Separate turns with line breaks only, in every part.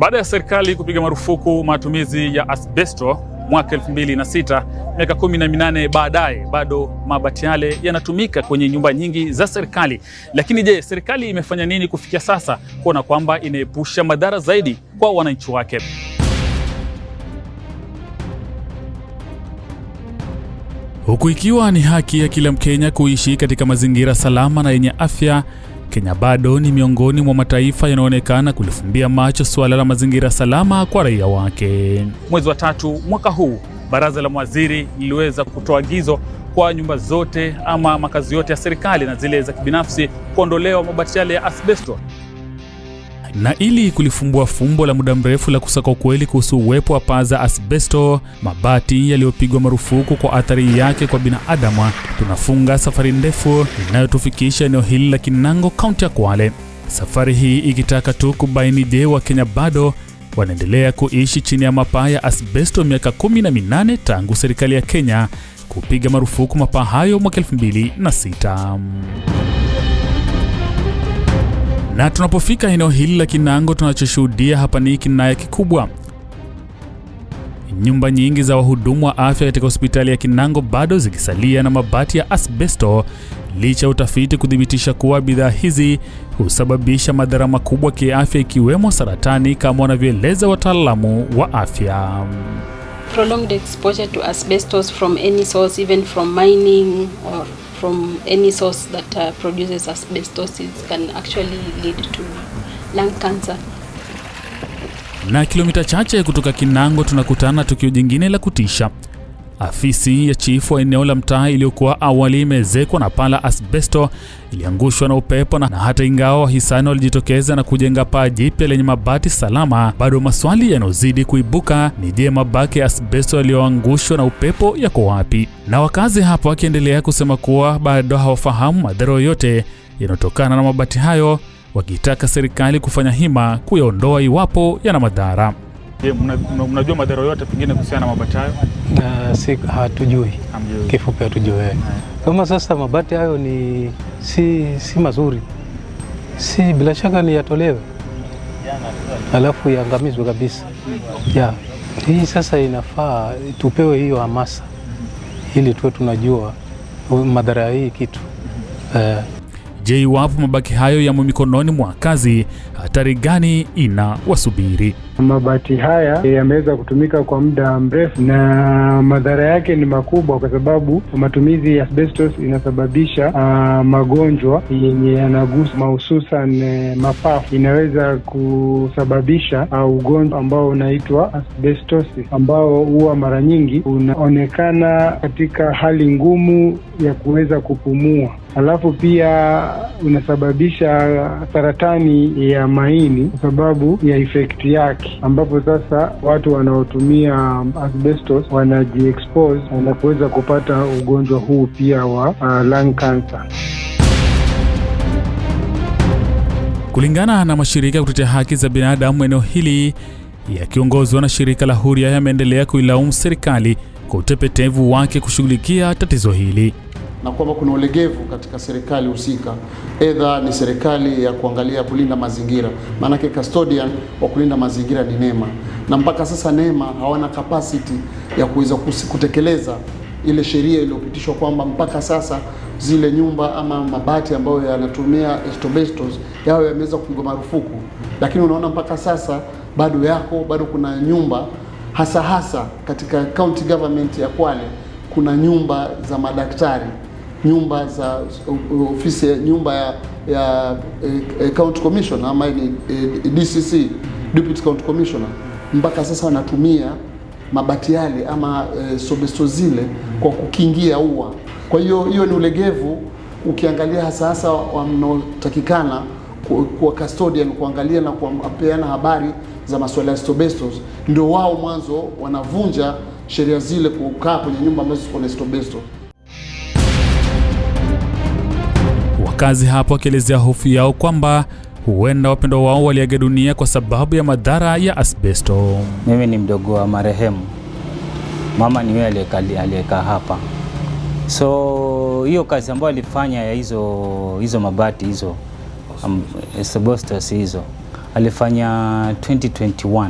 Baada ya serikali kupiga marufuku matumizi ya asbesto mwaka 2006, miaka 18 baadaye bado mabati yale yanatumika kwenye nyumba nyingi za serikali. Lakini je, serikali imefanya nini kufikia sasa kuona kwamba inaepusha madhara zaidi kwa wananchi wake? Huku ikiwa ni haki ya kila Mkenya kuishi katika mazingira salama na yenye afya Kenya bado ni miongoni mwa mataifa yanayoonekana kulifumbia macho suala la mazingira salama kwa raia wake. Mwezi wa tatu mwaka huu, baraza la mawaziri liliweza kutoa agizo kwa nyumba zote ama makazi yote ya serikali na zile za kibinafsi kuondolewa mabati yale ya asbesto. Na ili kulifumbua fumbo la muda mrefu la kusaka ukweli kuhusu uwepo wa paa za asbesto, mabati yaliyopigwa marufuku kwa athari yake kwa binadamu, tunafunga safari ndefu inayotufikisha eneo hili la Kinango, kaunti ya Kwale. Safari hii ikitaka tu kubaini, je, Wakenya bado wanaendelea kuishi chini ya mapaa ya asbesto miaka 18 tangu serikali ya Kenya kupiga marufuku mapaa hayo mwaka 2006. Na tunapofika eneo hili la Kinango, tunachoshuhudia hapa ni kinaya kikubwa. Nyumba nyingi za wahudumu wa afya katika hospitali ya Kinango bado zikisalia na mabati ya asbesto, licha ya utafiti kuthibitisha kuwa bidhaa hizi husababisha madhara makubwa kiafya, ikiwemo saratani, kama wanavyoeleza wataalamu wa afya
prolonged exposure to asbestos from any source even from mining or from any source that uh, produces asbestosis can actually lead to lung cancer.
Na kilomita chache kutoka Kinango tunakutana tukio jingine la kutisha Afisi ya chifu wa eneo la mtaa iliyokuwa awali imeezekwa na paa la asbesto iliangushwa na upepo na, na hata ingawa wahisani walijitokeza na kujenga paa jipya lenye mabati salama, bado maswali yanayozidi kuibuka ni je, mabaki ya asbesto yaliyoangushwa na upepo yako wapi? Na wakazi hapo wakiendelea kusema kuwa bado hawafahamu madhara yoyote yanayotokana na mabati hayo, wakitaka serikali kufanya hima kuyaondoa iwapo yana madhara. Je, mnajua madhara yote pengine kuhusiana na mabati hayo?
Uh, si hatujui, kifupi hatujui Kama sasa mabati hayo ni si, si mazuri, si bila shaka ni yatolewe, alafu yaangamizwe kabisa ya. Hii sasa inafaa tupewe hiyo hamasa ili tuwe tunajua madhara ya hii kitu
uh. Je, iwapo mabaki hayo yamo mikononi mwa kazi hatari gani ina wasubiri.
Mabati haya yameweza kutumika kwa muda mrefu na madhara yake ni makubwa, kwa sababu matumizi ya asbestos inasababisha uh, magonjwa yenye yanagusa mahususan eh, mapafu. Inaweza kusababisha uh, ugonjwa ambao unaitwa asbestosis ambao huwa mara nyingi unaonekana katika hali ngumu ya kuweza kupumua, alafu pia unasababisha saratani ya maini kwa sababu ya efekti yake, ambapo sasa watu wanaotumia asbestos wanajiexpose na kuweza kupata ugonjwa huu pia wa uh, lung cancer.
Kulingana na mashirika ya kutetea haki za binadamu, eneo hili yakiongozwa na shirika la Huria yameendelea kuilaumu serikali kwa utepetevu wake kushughulikia tatizo hili
na kwamba kuna ulegevu katika serikali husika, edha ni serikali ya kuangalia kulinda mazingira, maanake custodian wa kulinda mazingira ni NEMA, na mpaka sasa NEMA hawana capacity ya kuweza kutekeleza ile sheria iliyopitishwa kwamba mpaka sasa zile nyumba ama mabati ambayo yanatumia asbestos yao yameweza kupigwa marufuku, lakini unaona mpaka sasa bado yako, bado kuna nyumba hasa hasa katika county government ya Kwale kuna nyumba za madaktari nyumba za uh, ofisi ya nyumba ya, ya e, e, county commissioner ama ni eh, e, DCC deputy county commissioner, mpaka sasa wanatumia mabati yale ama e, sobesto zile kwa kukingia ua. Kwa hiyo hiyo ni ulegevu, ukiangalia hasa hasa wanaotakikana kuwa custodian kuangalia na kupeana habari za masuala ya stobestos, ndio wao mwanzo wanavunja sheria zile kukaa kwenye nyumba ambazo ziko na stobesto.
Wakazi hapo wakielezea hofu yao kwamba huenda wapendwa wao waliaga dunia kwa sababu ya madhara ya asbesto.
Mimi ni mdogo wa marehemu mama, ni yeye aliyekaa hapa, so hiyo kazi ambayo alifanya ya hizo hizo mabati hizo um, asbestos hizo alifanya 2021.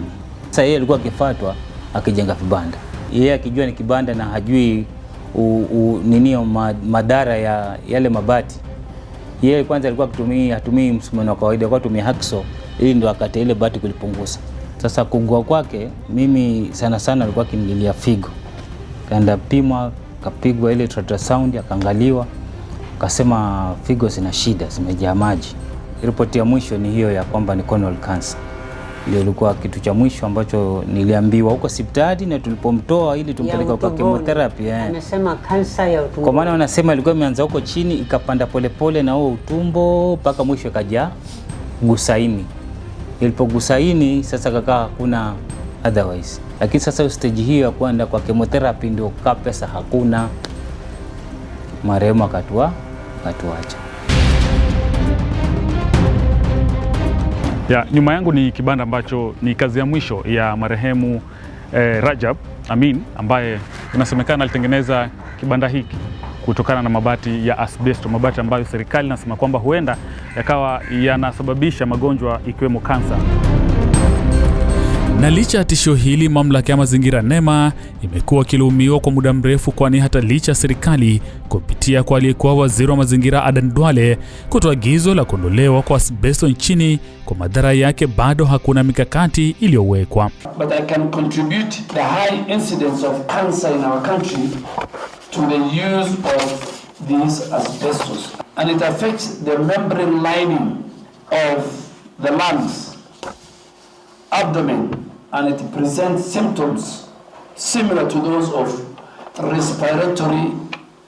Sasa yeye alikuwa akifuatwa akijenga vibanda, yeye akijua ni kibanda na hajui u, u, ninio madhara ya yale mabati yeye kwanza alikuwa akitumia atumii msumeno wa kawaida, alikuwa atumia hakso ili ndo akate ile bati kulipunguza. Sasa kugua kwake mimi sana sana alikuwa akimlilia figo, kaenda pimwa, kapigwa ile ultrasound, akaangaliwa, akasema figo zina shida, zimejaa maji. Ripoti ya mwisho ni hiyo ya kwamba ni colon cancer ndio ilikuwa kitu cha mwisho ambacho niliambiwa huko hospitali, na tulipomtoa ili tumpeleke kwa chemotherapy eh,
anasema kansa ya utumbo,
kwa maana wanasema ilikuwa imeanza huko chini ikapanda polepole na huo utumbo mpaka mwisho ikaja gusaini. Ilipogusaini sasa kaka, hakuna otherwise, lakini sasa stage hiyo ya kwenda kwa chemotherapy ndio kapesa pesa hakuna, marehemu akatua akatuacha.
Ya, nyuma yangu ni kibanda ambacho ni kazi ya mwisho ya marehemu eh, Rajab Amin ambaye inasemekana alitengeneza kibanda hiki kutokana na mabati ya asbesto, mabati ambayo serikali inasema kwamba huenda yakawa yanasababisha magonjwa ikiwemo kansa. Na licha ya tishio hili, mamlaka ya mazingira NEMA imekuwa ikilaumiwa kwa muda mrefu, kwani hata licha ya serikali kupitia kwa aliyekuwa waziri wa mazingira Adan Duale kutoa agizo la kuondolewa kwa asbesto nchini kwa madhara yake, bado hakuna mikakati iliyowekwa.
Abdomen, and it presents symptoms similar to those of respiratory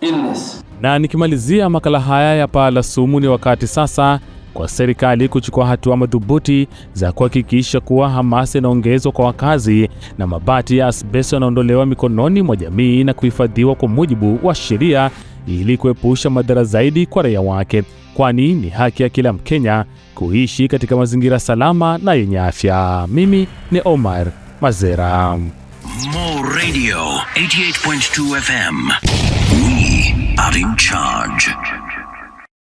illness.
Na nikimalizia makala haya ya Paa la Sumu, ni wakati sasa kwa serikali kuchukua hatua madhubuti za kuhakikisha kuwa hamasa inaongezwa kwa wakazi na mabati ya asbesto yanaondolewa mikononi mwa jamii na kuhifadhiwa kwa mujibu wa sheria ili kuepusha madhara zaidi kwa raia wake kwani ni haki ya kila Mkenya kuishi katika mazingira salama na yenye afya. Mimi ni Omar Mazera. Radio 88.2 FM. We are in charge.